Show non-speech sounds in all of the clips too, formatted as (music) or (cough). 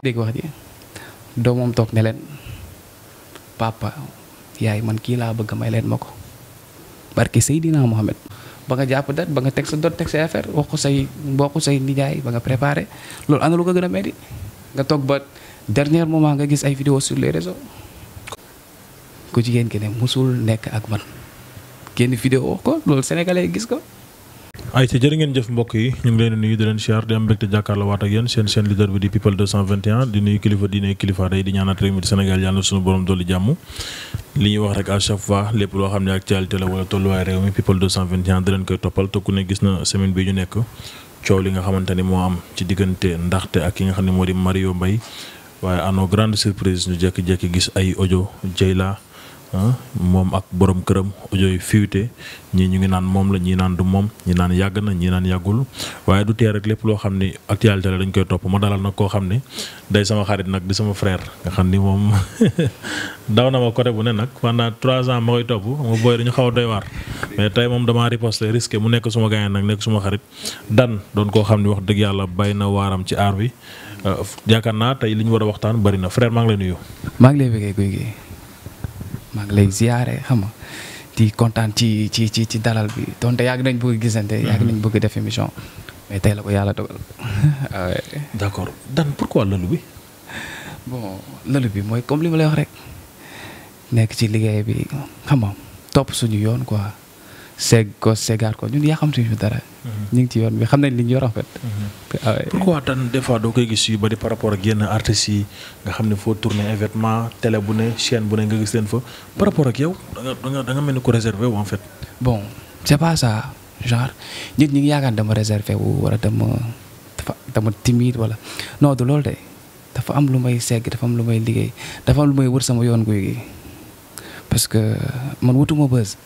dégg wax ji doomam toog ne leen papa yaay man kii laa bëgg may leen ma ko barke Seydina Mohamed ba nga jàpp dat ba nga teg sa dot teg say affaire wax say mbokk say nijaay ba nga préparé loolu ana lu ko gën a metti nga toog ba dernier moment nga gis ay vidéo sur les réseaux ku jigéen ki ne musul nekk ak man génn vidéo ko loolu sénégalais gis ko ay ci jërë ngeen jëf mbokk yi ñu ngi leen di nuyu di leen siyaar di am mbégte jàkkaarloo waat ak yéen seen seen leader bi di people di nuyu kilifa di ñaanat réew mi di Sénégal yàlla dolli jàmm li ñuy wax rek à chaque fois lépp loo xam ne actualité la wala tolluwaay réew mi people 221 da leen koy toppal te ku ne gis na semaine bi ñu nekk coow li nga xamante ni moo am ci diggante ndaxte ak ki nga xam ne moo di Mario mbay waaye à nos grandes surprises ñu jékki ay audio Dieyla Ah, moom ak borom këram audio yi fuité ñii ñu ngi naan moom la ñii naan du moom ñi naan yàgg na ñi naan yàggul waaye du tee rek lépp loo xam ni actualité la koy topp ma dalal nag koo xam ni day sama xarit nag di sama frère xam ni moom (laughs) daw na ma côté bu ne nag pendant trois ans ma koy topp ma booy dañu xaw a doy waar mais tey moom damaa riposte risqué mu nekk suma gaañee nag nekk suma xarit dan doon koo xam ni wax dëgg yàlla bay na waaram ci aar bi euh, yaakaar naa tey li ñu war a waxtaan bari na frère maa ngi lay nuyu. maa maa ngi lay ziare xam xama di kontaan ci ci ci ci dalal bi tonte yàgg nañ bëgg gisante. Mm-hmm. yàgg nañ bëgg def émission. mais tey la ko yàlla dogal. (laughs) Ah d' accord Dan pourquoi lëlu bi. bon lëlu bi mooy comme li ma lay wax rek nekk ci liggéey bi xama topp suñu yoon quoi. seeg ko seegaat ko ñun yaa xam suñu dara. Mhm. ñu ngi ci yoon bi xam nañ ni ñu yor en fait. Mhm. Ah, pourquoi tan des fois doo koy gis yu bari par rapport ak yenn artistes yi nga xam ne foo tourné événement télé bu ne chaîne bu ne nga gis leen fa par rapport ak yow da nga da nga mel ni ko réservé wu en fait. bon c'est pas ça genre nit ñi ngi yaakaar dama réservé wu wala dama timide wala non du loolu de dafa am lu may segg dafa am lu may liggéey dafa am lu may wër sama yoon guy parce que man wutuma bës.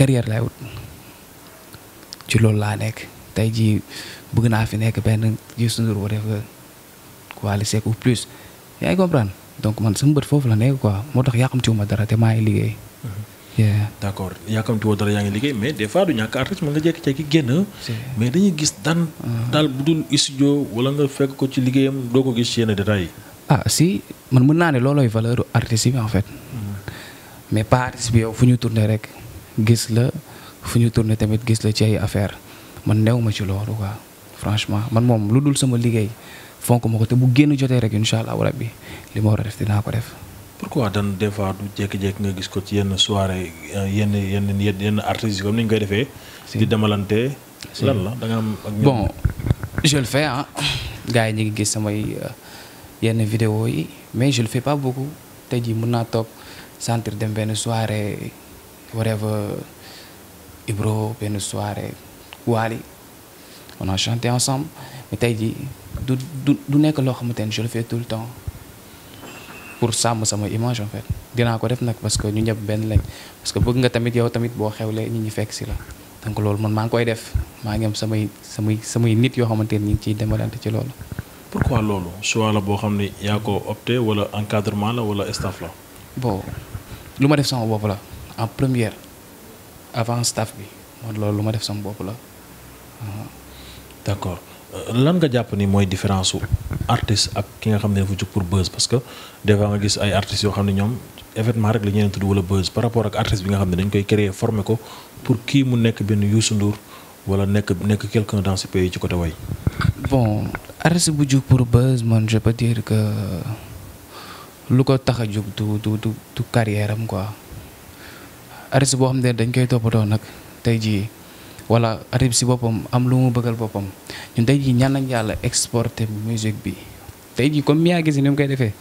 carrière lay wut ci loolu laa nekk tey ji bëgg naa fi nekk benn gis nga lu def quoi li seq ou plus yaa ngi comprendre donc man sama bët foofu la nekk quoi moo tax yàqamtiwuma dara te maa ngi liggéey. Mm-hmm. d' accord yàkkamtiwoo dara yaa ngi liggéey mais des fois du ñàkk artiste mën nga jékki-jékki génn. mais dañuy gis daan. Uh-huh. daal bu dul studio wala nga fekk ko ci liggéeyam doo ko gis ci yenn détails yi. ah si man mën naa ne loolooy valeur artiste bi en fait. Mm-hmm. mais pas artiste bi fu ñu gis la fu ñu tourné tamit gis la ci ay affaire man new ma ci loolu quoi franchement man moom lu dul sama liggéey fonk ma ko te bu génn jotee rek incha allah bi li ma war a def ko def. pourquoi dan des fois du jékki-jékki nga gis ko ci yenn soirée euh, yenn yenn yenn artistes yi comme ni ñu koy defee. di demalante. lan la da nga am ak bon je le fais ah gars yi ñu ngi gis samay euh, yenn vidéo yi mais je le fais pas beaucoup tey jii mën naa toog sentir dem benn soirée. whatever Ibro benn soirée Wally on a chanté ensemble mais tey jii du du nekk loo xamante ne je le tout le temps pour sàmm sama image en fait ko def nag parce que ñu ñëpp benn lañ parce que bëgg nga tamit yow tamit boo xewle ñi ñi fekk si la donc loolu man maa ngi koy def maa ngi am samay samay samay nit yoo xamante ne ñu ngi ciy demalante ci loolu. pourquoi loolu choix la boo xam ne yaa ko opté wala encadrement la wala staff la. bon lu ma def sama bopp la. en première avant staff bi mooy loolu lu ma def sama bopp la. d' accord euh, lan nga jàpp ni mooy différence su artiste ak ki nga xam ne dafa jóg pour buzz parce que des fois nga gis ay yoo xam ne ñoom événement rek la ñu leen tudd wala buzz par rapport ak artiste bi nga xam ne dañ koy créer former ko pour kii mu nekk benn Youssou Ndour wala nekk nekk quelqu'un dans ce pays ci côté way bon artiste bu jóg pour buzz man je peux dire que lu ko tax a jóg du du du carrière am artiste boo xam ne dañ koy toppatoo nag tey jii wala bi si boppam am lu mu bëggal boppam ñun tey jii ñaan nañ yàlla exporter musique bi tey jii comme Mia Guissé ni mu koy defee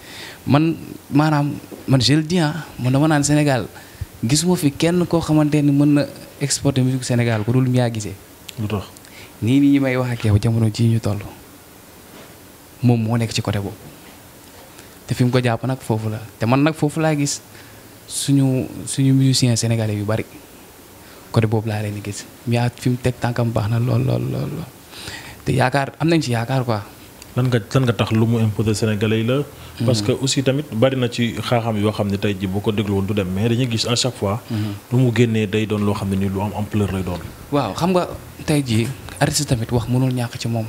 man maanaam man je le dis ah man dama naan Sénégal gisuma fi kenn koo xamante ni mën na exporter musique Sénégal ku dul Mia Guissé. lu tax nii nii ñi may wax ak yow jamono jii ñu toll moo nekk ci côté boobu te fi ko jàpp nag foofu la te man nag foofu laa gis. suñu suñu musicien sénégalais yu bari côté boobu laa leen di gis Mia fi mu teg tànkam baax na lool lool lool te yaakaar am nañ ci yaakaar quoi. lan nga lan nga tax lu mu imposé sénégalais yi la. Hmm. parce que aussi tamit bari na ci xaaxam yoo xam ne tay jii boo ko woon du dem mais dañuy gis à chaque fois. Hmm. lu mu génnee day doon loo xam ne nii lu am ampleur lay doon. waaw xam nga tey jii artiste tamit wax mënul ñàkk ci moom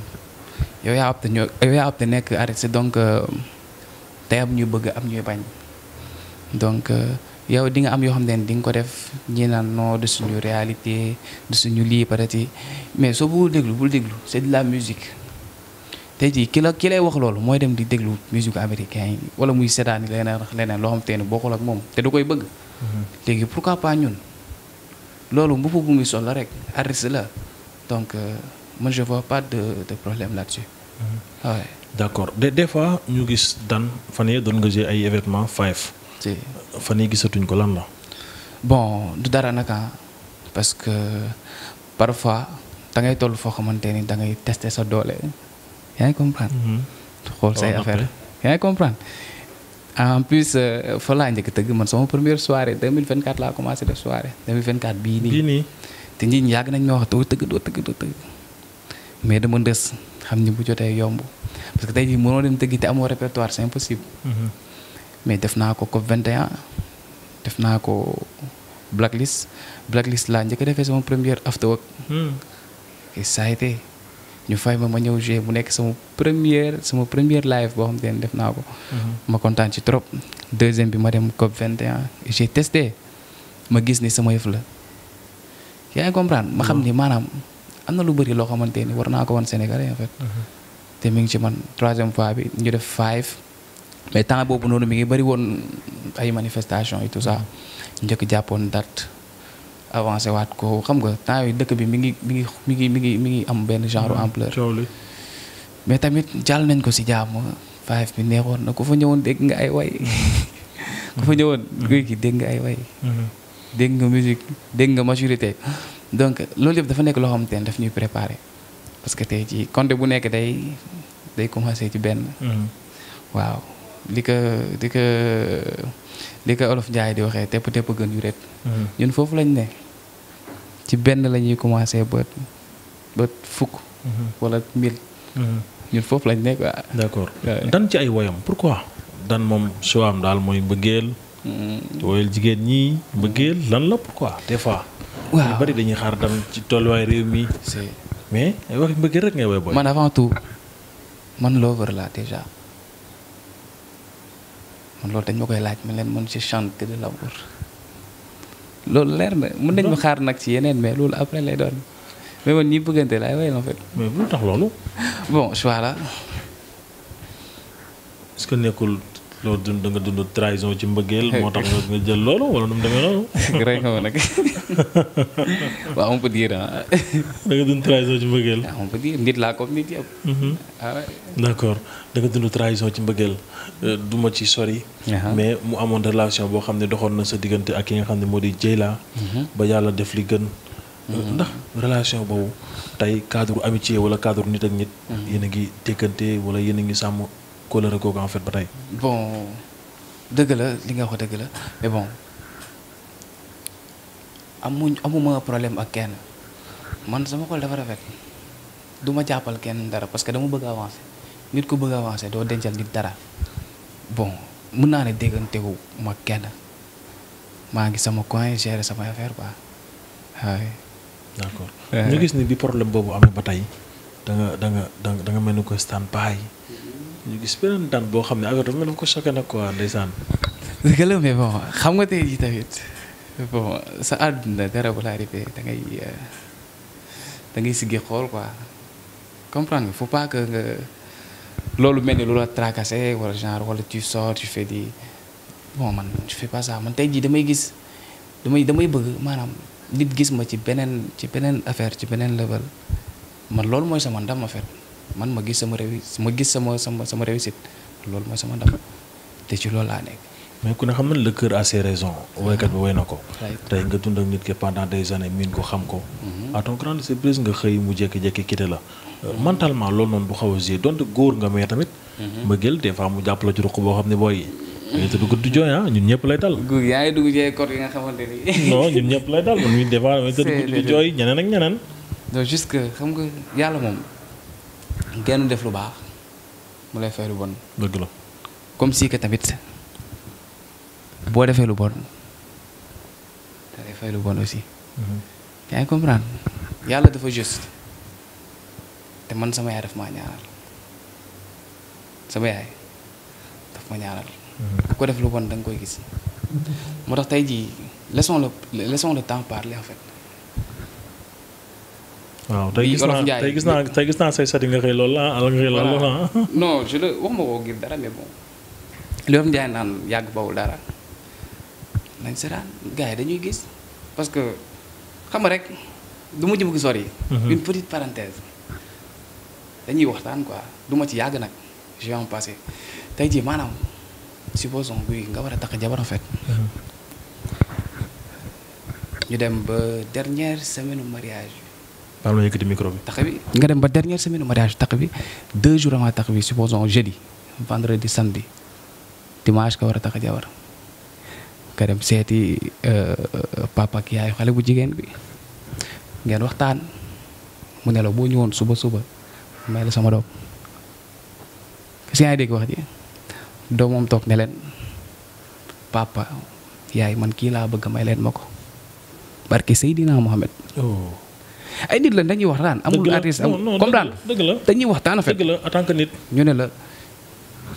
yow yaa opté ñoo yow nekk artiste donc euh, te am ñuy bëgg am ñuy bañ euh, yow di nga am yoo xam ne di nga ko def ñi naan non de suñu réalité de suñu lii parati mais soo bëggul déglu bul déglu c' la musique tey jii ki la ki lay wax loolu mooy dem di déglu musique américain yi wala muy seetaan leneen leneen loo xam te ne bokkul ak moom te du koy bëgg. Mhm. léegi pourquoi pas ñun loolu mbubb bu muy sol la rek artiste la donc euh, man je vois pas de problème là-dessus. waaw mhm. ah d' accord des fois ñu gis dan fan yee doon nga jël ay événement five. fan yi gisatuñ ko lan la. bon du dara naka ah, parce que parfois da ngay toll foo xamante ni da ngay tester sa doole yaa ngi comprendre. Mhm. xool say affaire yaa ngi comprendre. en plus euh, fa laa njëkk tëgg man sama première soirée 2024 laa commencé def soirée 2024 bii nii. bii nii te nit ñi yàgg nañ ma wax doo tëgg doo tëgg doo mais dama ndës xam ni bu jotee yomb parce que tey jii mënoo dem tëgg te amoo répertoire c'est impossible. Mhm. mais def naa ko COP 21 def naa ko blacklist blacklist laa njëkk a defee sama première after work. Hmm. et ça a ñu fay ma ma ñëw joué mu nekk sama première sama première live boo xam te ne def naa ko. Hmm. ma kontaan ci trop. deuxième bi ma dem COP 21 j'ai testé ma gis ni sama yëf la yaa ngi ma xam hmm. ni maanaam am na lu bëri loo xamante ni war naa ko wan Sénégalais en te mi ci man troisième fois bi ñu def five. mais temps boobu noonu mu ngi bëri woon ay manifestation et tout ça njëkk jàppoon date avancé waat ko xam nga temps yooyu dëkk bi mi ngi mi ngi mi ngi mi ngi mi ngi am benn genre mm-hmm. ampleur mais tamit jàll nañ ko si jàmm five bi neexoon na ko fa ñëwoon dégg nga ay way (laughs) ku ñëwoon mm-hmm. gi dégg nga ay way mm-hmm. dégg nga musique dégg nga maturité donc loolu yëpp dafa nekk loo xamante ne daf ñuy préparer parce que tey ci compte bu nekk day day commencé ci benn waaw li ko di ko li ko olof jaay di waxee tepp tepp gën yu ret hmm. ñun foofu lañ ne ci benn la ñuy commencé ba ba fukk. Hmm. wala mil. Hmm. ñun foofu lañ ne quoi. d'accord dan ci ay woyam quoi dan moom choix am daal mooy mbëggeel. woyal jigéen ñi mbëggeel lan la pourquoi des fois. waaw bari dañuy xaar dan ci tolluwaay réew mi. mais wax mbëggeel rek ngay woy booy. man avant tout man lover la déjà. loolu dañ ma koy laaj man leen man je chante de l'amour loolu leer na mën nañ xaar nag ci yeneen mais loolu après lay doon mais man ñi bëggante laay wayal en fait. mais bu tax loolu. bon voilà. est que nekkul. loolu dund da nga dund trahison ci mbëggeel moo tax nga jël loolu wala nu mu demee noonu. (laughs) rey da ci (laughs) (laughs) da nga dund trahison ci du ma ci sori. Uh-huh. mais mu amoon relation boo xam ne doxoon na sa diggante ak ki nga xam ne moo di Dieyla. Mhm. ba yàlla def li gën. Euh, mhm. ndax relation boobu tey cadre amitié wala cadre nit ak nit. Mhm. yéen a ngi tekkante wala yéen a ngi sàmm. kóllëre googu en fait ba tey. bon dëgg la li nga wax dëgg la mais bon amuñ amuma problème ak kenn man sama kol dafa rafet du ma jàppal kenn dara parce que dama bëgg avancer nit ko bëgg avancer doo dencal nit dara bon mën naa ne déggantewu ma kenn maa ngi sama coin gérer sama affaire quoi waaye. gis ni bi problème boobu amee ba tey da nga da mel ni ko stand ñu gis beneen daan boo xam ne affaire dafa mel ko choqué nag quoi ndeysaan. dëgg la mais xam nga te jii tamit bon sa àdduna dara bu la arrivé da euh, xool quoi comprendre nga faut pas wala genre wala tu sors man je tey jii damay gis damay damay bëgg maanaam nit gis ma ci beneen ci beneen affaire ci beneen level man loolu mooy sama ndam affaire. man ma gis sama réew ma gis sama sama sama réussite loolu mooy sama ndam te ci loolu laa nekk. mais ku ne xam na la cœur a ses raisons. woykat bi woy na ko. tey nga dund ak nit ko xam ko. Mhm. à ton surprise nga xëy mu jékki-jékki kite la. Euh, mentalement loolu noonu du xaw a gée donte góor nga mais tamit. mbëggeel mhm. des fois mu jàpp la ci ruq boo xam ne booy. mais te dugg du jooy ah ñun ñëpp lay dal. guug yaa ngi dugg ci code (laughs) ñun ñëpp lay dal man mii que xam nga yàlla moom. kenn def lu baax mu lay fay lu bon. dëgg comme si que tamit boo defee lu bon da lay fay lu bon aussi. Mhm. yaa comprendre yàlla dafa juste te man sama yaay daf maa ñaanal sama yaay daf ma ñaanal. Mhm. ku ko def lu bon da koy gis moo tax tey jii laissons le laissons le temps parler en waaw tey gis naa tey gis naa say sati nga xëy loolu la ala ah, nga xëy loolu ah. la (laughs) non je wax ma ko ngir dara mais bon. li Wolof Njaay naan yàgg bawul dara nañ seetaan gars yi dañuy gis parce que xam nga rek du ma jëm gi sori. Mhm. une petite parenthèse dañuy waxtaan quoi du ci yàgg nag je vais en tey jii maanaam supposons buy nga war a taq jabar en mhm. ñu dem ba dernière semaine mariage. maa ngi yëkkati bi. tax bi nga dem ba dernière semaine mariage tax bi deux jours avant tax bi supposons jeudi vendredi samedi dimanche ka war a tax jabar nga dem seeti euh, papa ak yaayu xale bu jigéen bi ngeen waxtaan mu nelaw boo ñëwoon suba suba may la sama doom si ngay dégg wax ji doomam toog ne leen papa yaay man kii laa bëgg may leen ma ko barke Seydina Mohamed. Oh. ay nit la dañuy waxtaan amul artiste amul comprendre dañuy waxtaan en fait dëgg la en tant que nit ñu ne la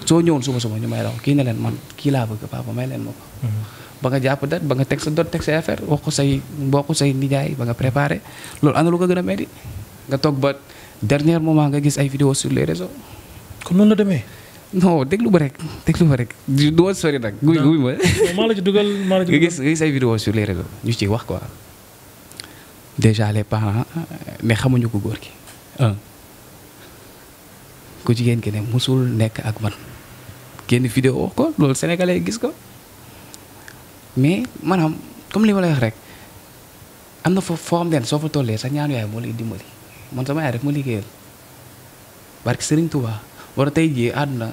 soo ñëwoon suba suba ñu may raw kii ne leen man kii laa bëgg papa may leen mhm. ba nga jàpp dat ba nga teg sa dot teg say affaire wax ko say mbokk say nijaay ba nga préparé loolu ana lu ko gën a metti nga toog ba dernier moment nga gis ay vidéo sur les réseaux kon noonu la demee non déglu ba rek déglu ba rek du ma sori nag guy guy ma maa la ci dugal maa la ci (laughs) nga gis ay vidéo sur les ñu ci wax quoi déjà les parents mais xamuñu ko góor gi ah. ku jigéen ki ne musul nekk ak man kenn vidéo ko loolu sénégalais gis ko mais maanaam comme lii ma la wax rek am na foo foo xam ne soo fa tollee sa ñaanu yaay moo lay dimbali man sama yaay rek ma liggéeyal barke Sëriñ Tuubaa war tey jii àdduna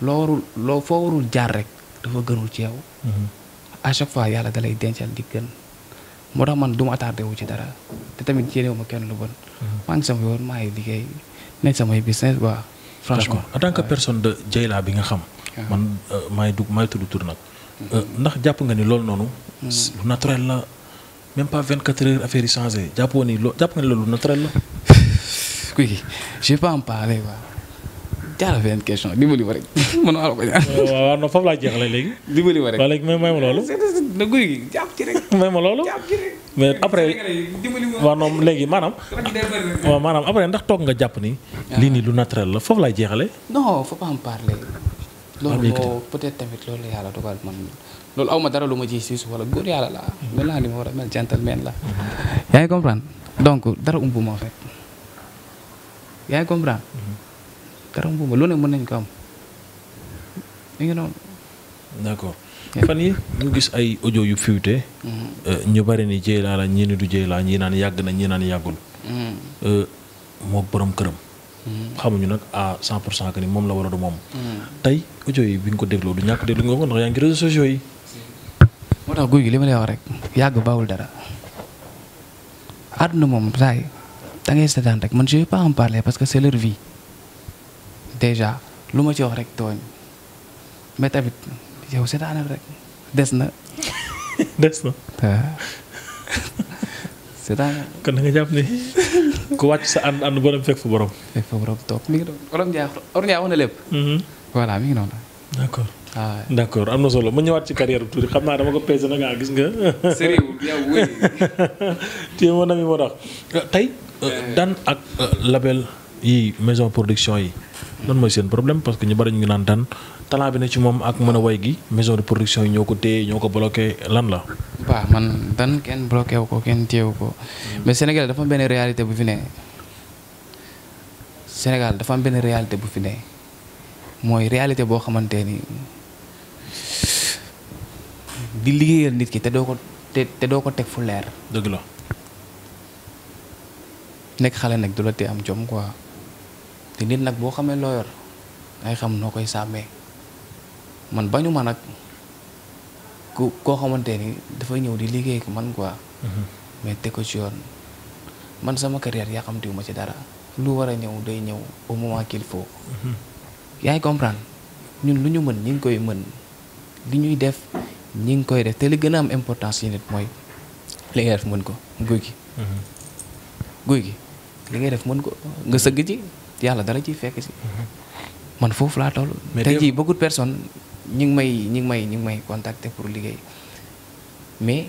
loo warul loo foo warul jaar rek dafa gënul ci yow mm-hmm. à chaque fois yàlla da lay dencal di gën moo tax man du ma attardé wu ci dara te tamit yéenewu ma kenn lu bon. Mhm. maa sama yoon maa ngi liggéey nekk samay business waaw. franchement en tant que personne de Dieyla bi nga xam. man euh, maay dugg maay tudd tur nag. Euh, mhm. ndax jàpp nga ni loolu noonu. Mhm. lu naturel la même pas 24 heures affaire yi changé jàppoo ni loo jàpp nga ni loolu lu naturel la. kuy (laughs) je vais pas en parler waaw. jaara benn question (laughs) léegi. dimbali ma rek may ma loolu. guy gi jàpp ci rek. (laughs) may ma loolu. mais après waaw noonu léegi maanaam. waaw maanaam après ndax toog nga jàpp ni. Ah. lii nii lu naturel la foofu lay jeexale non loolu ah, moo peut-être tamit loolu yàlla dogal man loolu aw ma dara lu ma ji si wala góor yàlla la mel naa li ma war a mel gentleman la. yaa ngi comprendre donc dara umbu ma rek yaa ngi mhm. dara umbu ma lu ne mën nañ ko am mi ngi noonu. d' accord fan yi ñu gis ay audio yu fuité. Mm-hmm. Euh, ñu bari ni Dieyla la ñii ni du laa ñii naan yàgg na ñii naan yàggul. Mm-hmm. Euh, moo borom këram. Mm-hmm. xamuñu nag à 100 pour cent que moom la wala du moom. tey audio yi bi nga ko dégloo du ñàkk déglu nga ko ndax yaa ngi réseaux sociaux yi. moo tax guy gi li ma lay wax rek yàgg baawul dara àdduna moom saa yi da ngay rek man je vais pas en parler parce que c'est leur vie déjà lu ma ci wax rek tooñ yow seetaanal rek des na. (laughs) des na (laughs) seetaanal. kon da nga jàpp ni ku wàcc sa ànd ànd borom fekk fa borom. fekk fa borom toog mi ngi lépp. Mm-hmm. voilà mi ngi noonu. d'accord ah. d' am na solo ma ñëwaat ci carrière bi tuuti xam naa dama ko peese na nga gis nga. sérieux (laughs) yow wóor moo tax tey. Eh. daan ak euh, label. yi maison production yi lan mooy seen problème parce que ñu bari ñu ngi naan daan talent bi ne ci moom ak mën a way gi maison de production yi ñoo ko téye ñoo ko bloqué lan la. waaw man dan kenn bloqué wu ko kenn téye ko mais Sénégal dafa am benn réalité bu fi ne Sénégal dafa am benn réalité bu fi ne mooy réalité boo xamante ni di liggéeyal nit ki te doo ko te doo ko teg fu leer. dëgg nekk xale nag du la te am jom quoi. te nit nag boo xamee loo yor ay xam noo koy sàmmee man bañu ma nag ku koo xamante ni dafay ñëw di liggéey ak man quoi. Mhm. mais teg ko ci yoon man sama carrière yaa xam ma ci dara lu war a ñëw day ñëw au moment qu'il faut. Mhm. yaay comprendre ñun lu ñu mën ñi ngi koy mën li ñuy def ñi ngi koy def te li gën a am importance ci nit mooy li ngay def mën ko guy gi. Mhm. guy gi li ngay def mën ko nga sëgg ci. yàlla dala ciy fekk si. man foofu laa toll. mais tey jii beaucoup personne personnes ngi may ñi ngi may ñi ngi may contacter pour liggéey mais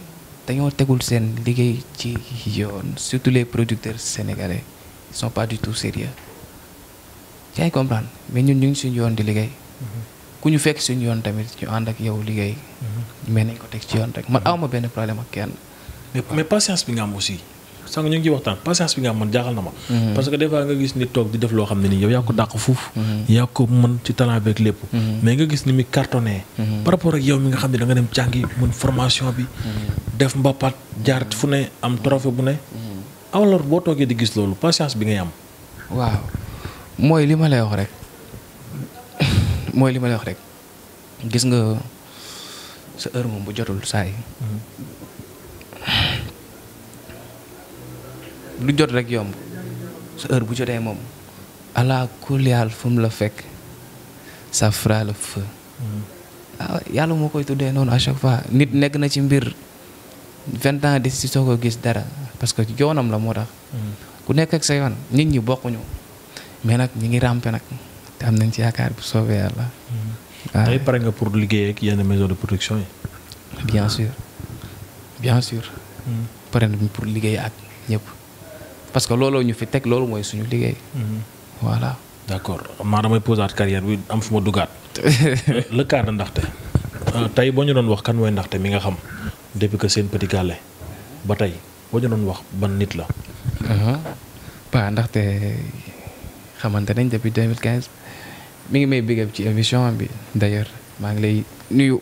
dañoo tegul seen liggéey ci yoon surtout les producteurs sénégalais ils sont pas du tout sérieux yaa ngi comprendre mais ñun ñu ngi suñu yoon di liggéey. ku ñu fekk suñu yoon tamit ñu ànd ak yow liggéey. Mhm. mais nañ ko teg ci yoon rek man mhm. awma benn problème ak kenn. mais mais bi nga am aussi. sànq ñu ngi ciy waxtaan patience bi nga am man jaaxal na ma. Mhm. parce que des fois nga gis nit toog di def loo xam ne nii yow yaa ko dàq fuuf. Mhm. yaa ko mën ci talent lépp. Mhm. mais nga gis ni muy cartonné. par rapport ak yow mi nga xam ne da dem jàngi mën formation bi. def mbapat jaar fu ne am trophée bu ne. alors boo toogee di gis loolu patience bi ngay am. waaw mooy li ma lay wax rek (laughs) mooy li ma lay wax rek gis nga sa heure moom bu jotul saa yi lu jot rek yomb sa heure bu jotee moom ala kuliyal fu mu la fekk safraa fera le hmm. feu ah, yàlla moo koy tuddee noonu à chaque fois nit nekk na ci mbir vingt ans de si soo ko gis dara parce que yoonam la moo tax hmm. ku nekk ak sa yoon nit ñi bokkuñu mais nag ñi ngi ràmpe nag te am nañ ci yaakaar bu soobee yàlla waaw hmm. ah. pare nga pour liggéey ak yenn maison de parce que looloo ñu fi teg loolu mooy suñu liggéey. Mhm. voilà. d' accord maa damay posaat carrière bi am fu ma dugaat. (laughs) le cas de ndaxte. Euh, tey boo ñu doon wax kan mooy ndaxte mi nga xam depuis que seen petit gàllé ba tey boo ñu doon wax ban nit la. waaw uh-huh. ndaxte xamante dañ depuis 2015 mi ngi may big ci émission bi d' maa ngi lay nuyu.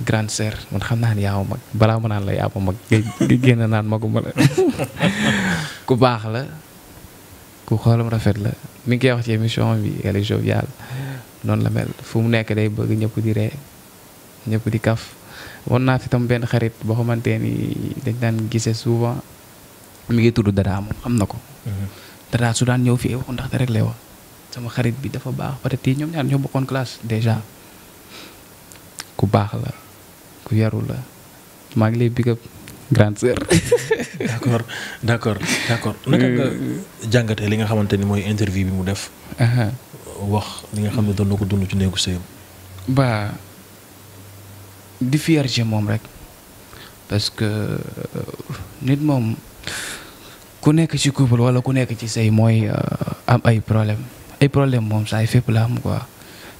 grande sœur man xam naa ne ma mag balaa ma naan la yaa ma mag nga génn naan maguma la (laughs) ku baax la ku xoolam rafet la mi ngi koy wax ci émission bi elle est joviale nekk day bëgg ñëpp di ree ñëpp di kaf wan naa fi tam benn xarit boo xamante ni dañ daan gise souvent mi ngi tudd Dada moom xam na ko. Mhm. Dada su daan ñëw fii eh, wax ndaxte rek lay sama xarit bi dafa baax peut-être ñoom ñaar ñoo bokkoon classe déjà ku baax la. ku yaru la maa ngi lay big up grande sœur. (laughs) d' accord d' accord jàngatee li nga xamante ni mooy interview bi mu def. wax li nga xam ne doon na ko dund ci néegu sëyam. ba di fierté moom rek parce que euh, nit moom ku nekk ci couple wala ku nekk ci sëy mooy euh, am ay problème ay problème moom saa yi fépp la am quoi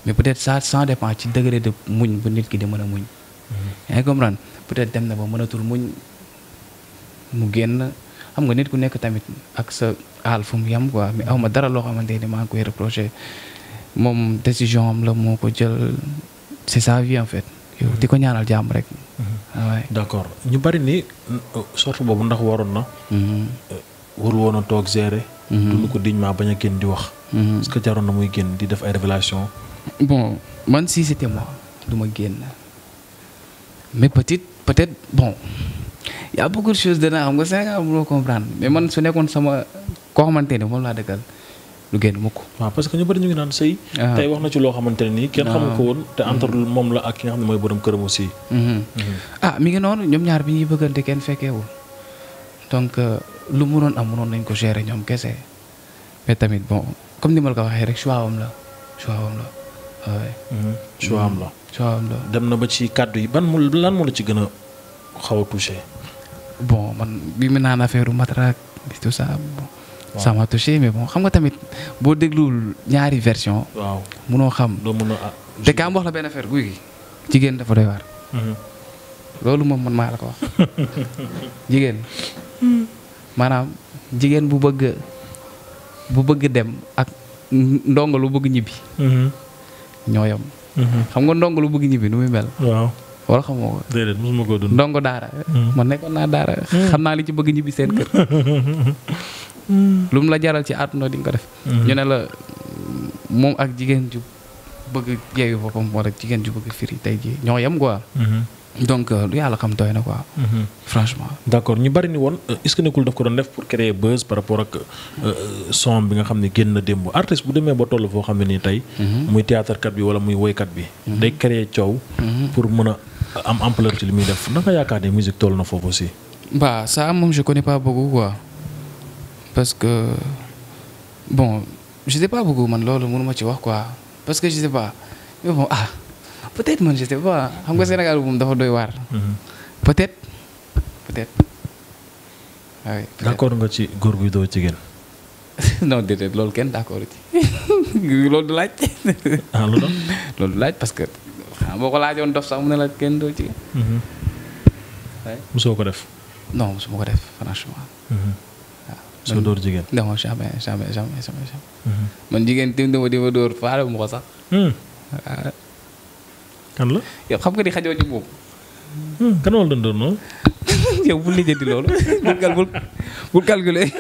mais peut-être ça ça dépend ci degré de muñ bu nit ki di mën a muñ. yaa ngi comprendre peut-être dem na ba mënatul muñ mu génn xam nga nit ku nekk tamit ak sa aal fu mu yem quoi mais aw ma dara loo xamante ni maa ngi koy reproché moom décision am la moo ko jël c'est sa vie en fait. di ko ñaanal jàmm rek. waaw mm-hmm. ah, d'accord ñu bari ni sorte boobu ndax waroon na. Mm-hmm. Euh, warul woon a toog gérer. Mm-hmm. dund ko maa bañ a génn di wax. parce que jaroon na muy génn di def ay révélation bon man si c'était moi du ma génn. mais petite peut-être bon yaa a beaucoup de choses xam nga Sénégal mënoo comprendre mais man su nekkoon sama koo xamante ne moom laa dëkkal lu génn mukk waaw parce que ñu bëri ñu ngi naan sëy ah. tey wax na ci loo xamante ne nii kenn ah. xamul ko woon te mm-hmm. entre moom la ak ki nga xam ne mooy borom këram aussi mm-hmm. Mm-hmm. ah mi ngi noonu ñoom ñaar bi ñuy bëggante kenn fekkee fekkeewul donc euh, lu mënoon am munoon nañ ko gérer ñoom kese mais tamit bon comme ni ma la ko waxee rek choix am la choix la waaw am la dem na ba ci kàddu yi ba mu lan mu la ci gën a xaw a bon man bi mu naan affaire matraque tout ça. waaw mais bon xam nga tamit boo dégluwul ñaari version. waaw munoo xam. doo mun a ah, te kaam wax la benn affaire guy gi. jigéen dafa doy waar. Mhm. loolu moom man maa la (laughs) jigéen. Hmm. maanaam jigéen bu bëgg bu bëgg dem ak ndongo lu bëgg ñibbi. Mhm. ñoo yam Mhm. xam nga ndongo lu bëgg ñibbi nu muy mel. waaw wala xamoo ko. déedéet mosuma koo dund ndongo daara. Mhm. man nekkoon naa daara. Mhm. xam naa li ci bëgg ñibbi seen kër. (laughs) lu mu la jaral ci àdduna di nga ko def. ñu ne la moom ak jigéen ju bëgg yeewu boppam wala jigéen ju bëgg firi ñoo yem quoi. donc euh, lu yàlla xam doy na quoi. Mhm. franchement. d' accord ñu bari ni woon euh, est ce que nekkul daf ko doon def pour créer buzz par rapport ak euh, son bi nga xam ne génn na démb artiste bu demee ba toll foo xam ne nii tey. Mhm. muy théâtre kat bi wala muy woykat bi. Mhm. day créer coow. pour mën a am ampleur ci li muy def naka yaakaar ne musique toll na foofu aussi. bah ça moom je connais pas beaucoup quoi parce que bon je sais pas beaucoup man loolu mënu ma ci wax quoi parce que je sais pas peut-être man je sais pas xam nga mm-hmm. Sénégal moom dafa doy waar. Mm-hmm. peut-être peut-être. waaye ah d'accord nga ci góor guy doo jigéen. (laughs) non loolu kenn d'accord ci (laughs) loolu du laaj. (laughs) ah loolu du laaj parce que ah boo ko laajoon dof sax mu ne la kenn doo jigéen. waaye mm-hmm. mosoo ko def. non mosuma ko def franchement. Ah, soo dóor jigéen. non jamais jamais jamais man jigéen tamit dama dama dóor faale mu ko sax. Mm. Ah, kan la yow xam nga di xajoo ci boobu. Hmm, kan wala doon doon noonu. (laughs) yow bul lijjanti loolu bul cal bul bul calculer. (laughs)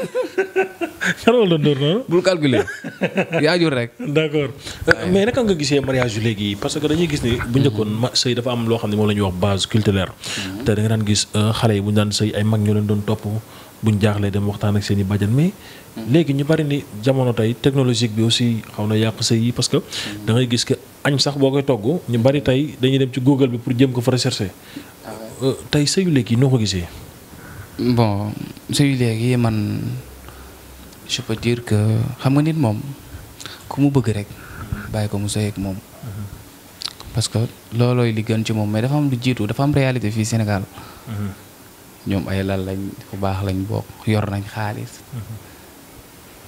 kan wala doon doon rek. d'accord euh, mais naka nga gisee mariage yu léegi parce que dañuy gis ni bu njëkkoon ma sëy dafa am loo xam ne moom la ñuy wax base culturelle. Mm-hmm. te da nga daan gis euh, xale yi bu ñu daan sëy ay mag ñu leen doon topp. buñ jaaxlee dem waxtaan ak seen i bàjjan mais mm-hmm. léegi ñu bari ni jamono tey bi aussi xaw na yàq sëy yi parce que mm-hmm. gis que añ sax boo koy togg ñu bari tey dañuy dem ci google bi pour jëm ko fa rechercher ah euh, tey sëyu léegi noo ko gisee. bon sëyu léegi man je peux dire que xam nga nit moom ku mu bëgg rek bàyyi ko mu sëy moom. Mm-hmm. parce que loolooy li gën ci moom mais dafa am lu jiitu dafa am réalité fii Sénégal. Mm-hmm. ñoom ay lal lañ ku baax lañ bokk yor nañ xaalis. Mm-hmm.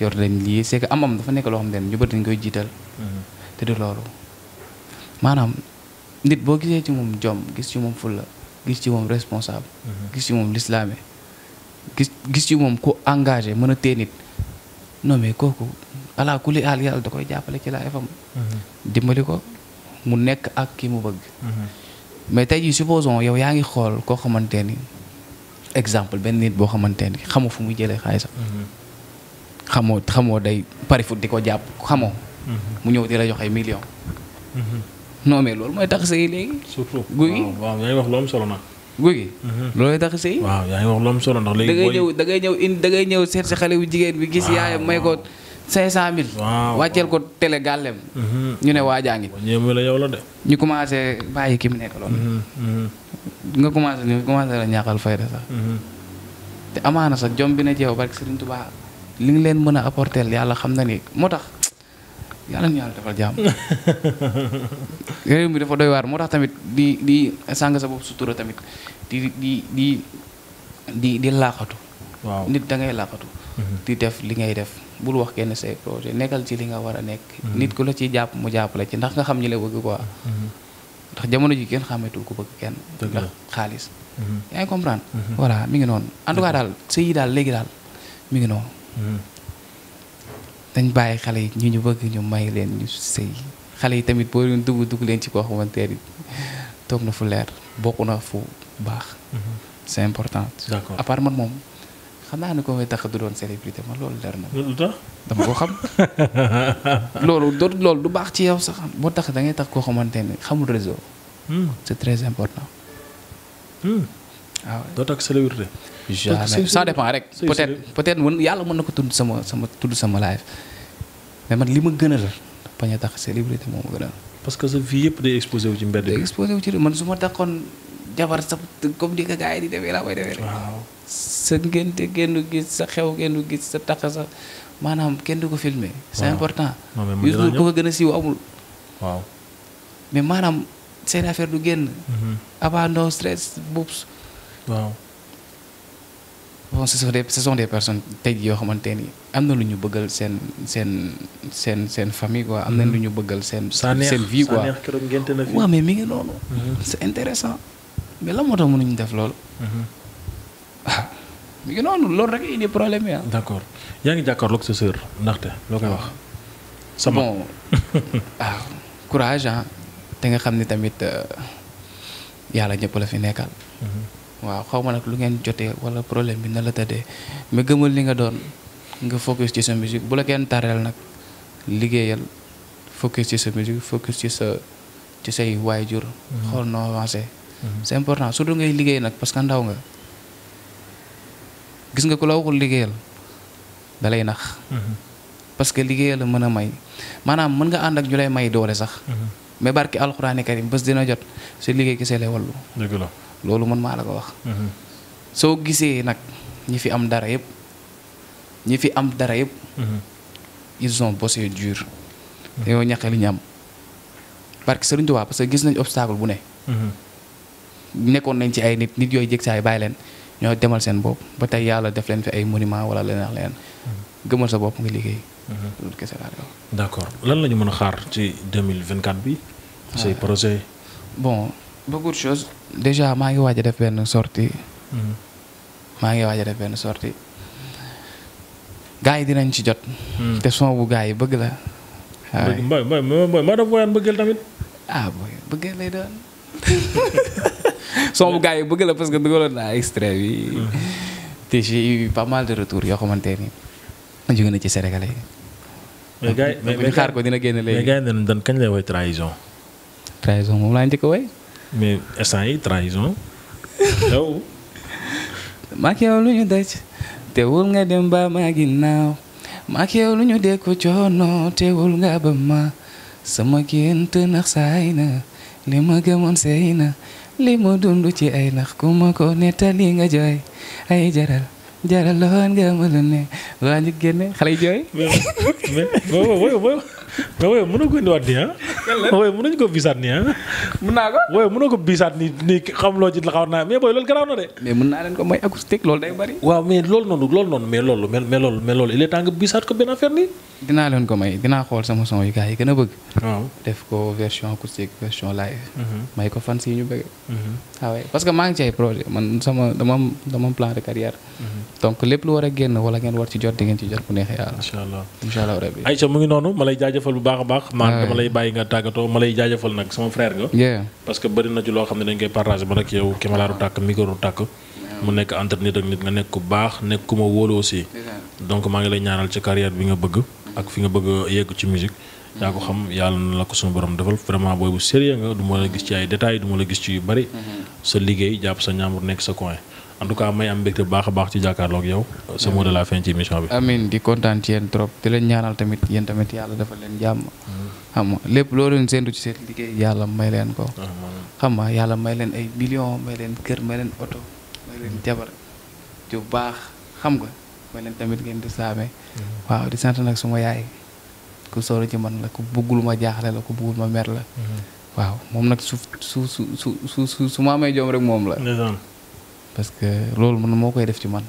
yor nañ lii c'est que am-am dafa nekk loo xam ne ñu bëri dañ koy jiital. te du loolu. maanaam nit boo gisee ci moom jom gis ci moom fulla gis ci moom responsable. Mhm. gis ci moom lislaame gis gis ci moom ku engage mën a tee nit mais kooku ala kuli aal da koy jàppale ci la fam mhm. ko mu nekk ak ki mu mhm. tey jii supposons yow yaa ngi xool koo xamante ni exemple benn nit boo xamante ni xamoo fu muy jëlee xaalisam. xamoo xamoo day pari foot di ko jàpp xamoo. mu ñëw di la jox ay non mais loolu mooy tax sëy léegi. surtout guy gi waaw yaa ngi wax lu am solo nag. guy mhm. da ngay ñëw da ngay ñëw in da ngay ñëw seet si xale bu jigéen bi. gis yaayam may ko 500000. waaw wàcceel ko télé gàllem. Mhm. ñu ne waajaa ngi. ñeemu la yow la de. ñu commencé bàyyi ki mu nekk loolu. Mhm, nga commencé ñu commencé la ñaaxal fayda sax. te amaana sax jom bi na ci yow barke Serigne Touba li nga leen mën a apporter yàlla xam na ni moo tax. yàlla ñu yàlla defal jàmm (laughs) réew mi dafa doy waar moo tax tamit di di sàng sa bopp sutura tamit di di di di di laaxatu. waaw nit dangay ngay mm-hmm. di def li ngay def bul wax kenn say projet nekkal ci li nga war a nekk. Mm-hmm. nit ku la ci jàpp mu jàppale ci ndax nga xam ñi la bëgg quoi. Mm-hmm. ndax jamono ji kenn xàmmeetul ku bëgg kenn. ndax xaalis. yaa ngi comprendre. voilà mi ngi noonu en tout cas daal sëy daal léegi daal mi ngi noonu. dañ bàyyi xale yi ñu ñu bëgg ñu may leen ñu sëy xale yi tamit boo leen dugg dugg leen ci koo xamante ne toog na fu leer bokk na fu baax. Mhm. c' important. d' accord man moom xam naa ne ko may tax du doon célébrité man loolu leer na. lu tax dama ko xam. (laughs) loolu do loolu du baax ci yow sax boo tax da ngay tax koo xamante ne xamul réseau. Hmm. c' est très important. waaw hmm. ah jamais ça dépend rek. peut-être peut-être mën yàlla mën na ko tudd sama sama tudd sama live mais man li ma gënal a tax célébrité moo ma gënal. parce que sa vie yëpp day exposé wu ci mbedd bi. day exposé wu ci man su ma taxoon jabar sa comme ni ko gars yi di demee laa koy demee rek. sa ngénte kenn gis sa xew kenn gis sa tax sa maanaam kenn du ko filmé. c'est important. Youssou Ndour ko ko gën a siiw amul. mais maanaam seen affaire du génn. Mhm. avant stress boobu. bon ce sont des ce sont des personnes tey jii xamante ni am na lu ñu bëggal seen seen seen seen famille quoi am na lu mm. ñu bëggal seen. seen vie quoi waaw mais mi ngi noonu. Mm-hmm. c'est intéressant mais la moo tax mënuñu def loolu. Mm-hmm. ah mi ngi noonu loolu rek indi problème yi ah. ngi jàkkaarloog sa sœur ndaxte loo koy wax. sama bon (laughs) ah, ah te nga xam ne tamit euh, yàlla ñëpp la fi nekkal. Mm-hmm. waaw xaw ma nag lu ngeen jotee wala problème bi na la tëddee mais gëmal li nga doon nga focus ci sa musique bu la kenn tareel nag liggéeyal focus ci sa musique focus ci sa ci say waayjur. Mm-hmm. xool noo avancé. Mm-hmm. c'est important surtout ngay liggéey nag parce que ndaw nga gis nga ku la waxul liggéeyal dalay nax. Mm-hmm. parce que liggéeyal la mën a may maanaam mën nga ànd ak ñu lay may doole sax. mais barki alxuraani karim bés dina jot sa liggéey gisee lay wallu. loolu mën maa la ko wax. Mm-hmm. soo gisee nag ñi fi am dara yëpp ñi fi am dara yëpp. Mm-hmm. ils ont bossé dur. Mm-hmm. dañoo ñàkk li ñu am parce que Serigne Touba parce que gis nañ obstacle bu ne. nekkoon nañ ci ay nit nit yooyu jég saay bàyyi leen ñoo demal seen bopp ba tey yàlla def leen fi ay monument wala leneen ak leneen gëmal sa bopp nga liggéey. loolu kese laa d' accord lan la ñu mën a xaar ci mille 2024 bi. Ah. say projet bon. beaucoup de choses déjà maa ngi waaj a def benn sorti mhm. maa ngi waaj a def benn sortie gaa yi dinañ ci jot. Mhm. te son bu gaa yi bëgg la. waaw mooy mooy tamit. ah booy bëggeel lay (laughs) yi bëgg la parce que dugaloon naa extrait bi. Mhm. te j'ai eu pas mal de retours yoo xamante ni jóge na ci sénégalais yi. mais gars yi mais xaar ko dina génn léegi. mais gars kañ lay woy trahison. trahison moom laa njëkk a mais instant yi trahison. yow. maak lu ñu daj teewul nga dem ba ma ginnaaw maak yow lu ñu dekku coono teewul nga ba ma sama gént nax saay na li ma gëmoon sey na li ma dund ci ay nax ku ma ko nettali nga jooy ay jaral jaral loon nga ma lu loo ñu génne xale yi jooy. mais mais boobu boobu boobu mënu ko indiwaat di waaye mënuñ ko biisaat nii ah. mën naa ko waaye mënoo ko biisaat nii nii xam loo ci xaw naa mais booy loolu garaaw na de. mais mën naa leen ko mooy acoustique loolu day bari. waaw mais loolu noonu loolu noonu mais loolu mais loolu mais a a ma lay jaajëfal bu baax a baax. Ah man dama lay bàyyi nga tàgg tàggatoo ma lay jaajëfal nag sama frère nga. parce que bëri na ci loo xam ne dañ koy partagé ba nag yow Kémellaaru tàkk micro tàkk. mu nekk entre nit ak nit nga nekk ku baax nekk ku ma aussi. donc maa ngi lay ñaanal ci carrière bi nga bëgg. ak fi nga bëgg a yegg ci musique mm. yaa ko xam yàlla na la ko suñu borom defal vraiment booy bu sérieux nga du ma la gis ci ay détails du ma la gis ci yu bari. Mm-hmm. sa liggéey jàpp sa ñaamur nekk sa coin. en tout cas may am mbégte bu baax a baax ci jàkkaarloog yow. sa mot de la fin ci émission bi. amiin di kontaan ci yéen trop di leen ñaanal tamit yéen tamit yàlla dafa leen jàmm. xam nga lépp loo leen séntu ci seen liggéey yàlla may leen ko. xam nga yàlla may leen ay millions may leen kër may leen oto may leen jabar ju baax xam nga may leen tamit ngeen di saame. waaw di sant nag suma yaay ku soro ci man la ku bëggul ma jaaxle la ku bëggul ma mer la. Mhm. waaw moom nag su su su su ma amee jom rek moom la. parce que loolu mën moo koy def ci man.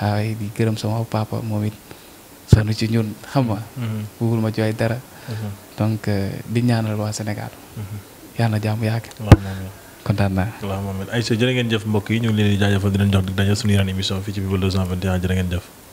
waaye mhm. di gërëm sama papa moom it sonn ci ñun xam nga. Mhm. bëggul ma jooy dara. Mhm. donc euh, di ñaanal waa Sénégal. yàlla na jàmm yàgg. kontaan naa. waaw moom it Aïcha jërë ngeen jëf mbokk yi ñu ngi leen di jaajëfal di leen jox dig daje suñu yeneen émission fii ci People 221 jërë ngeen jëf.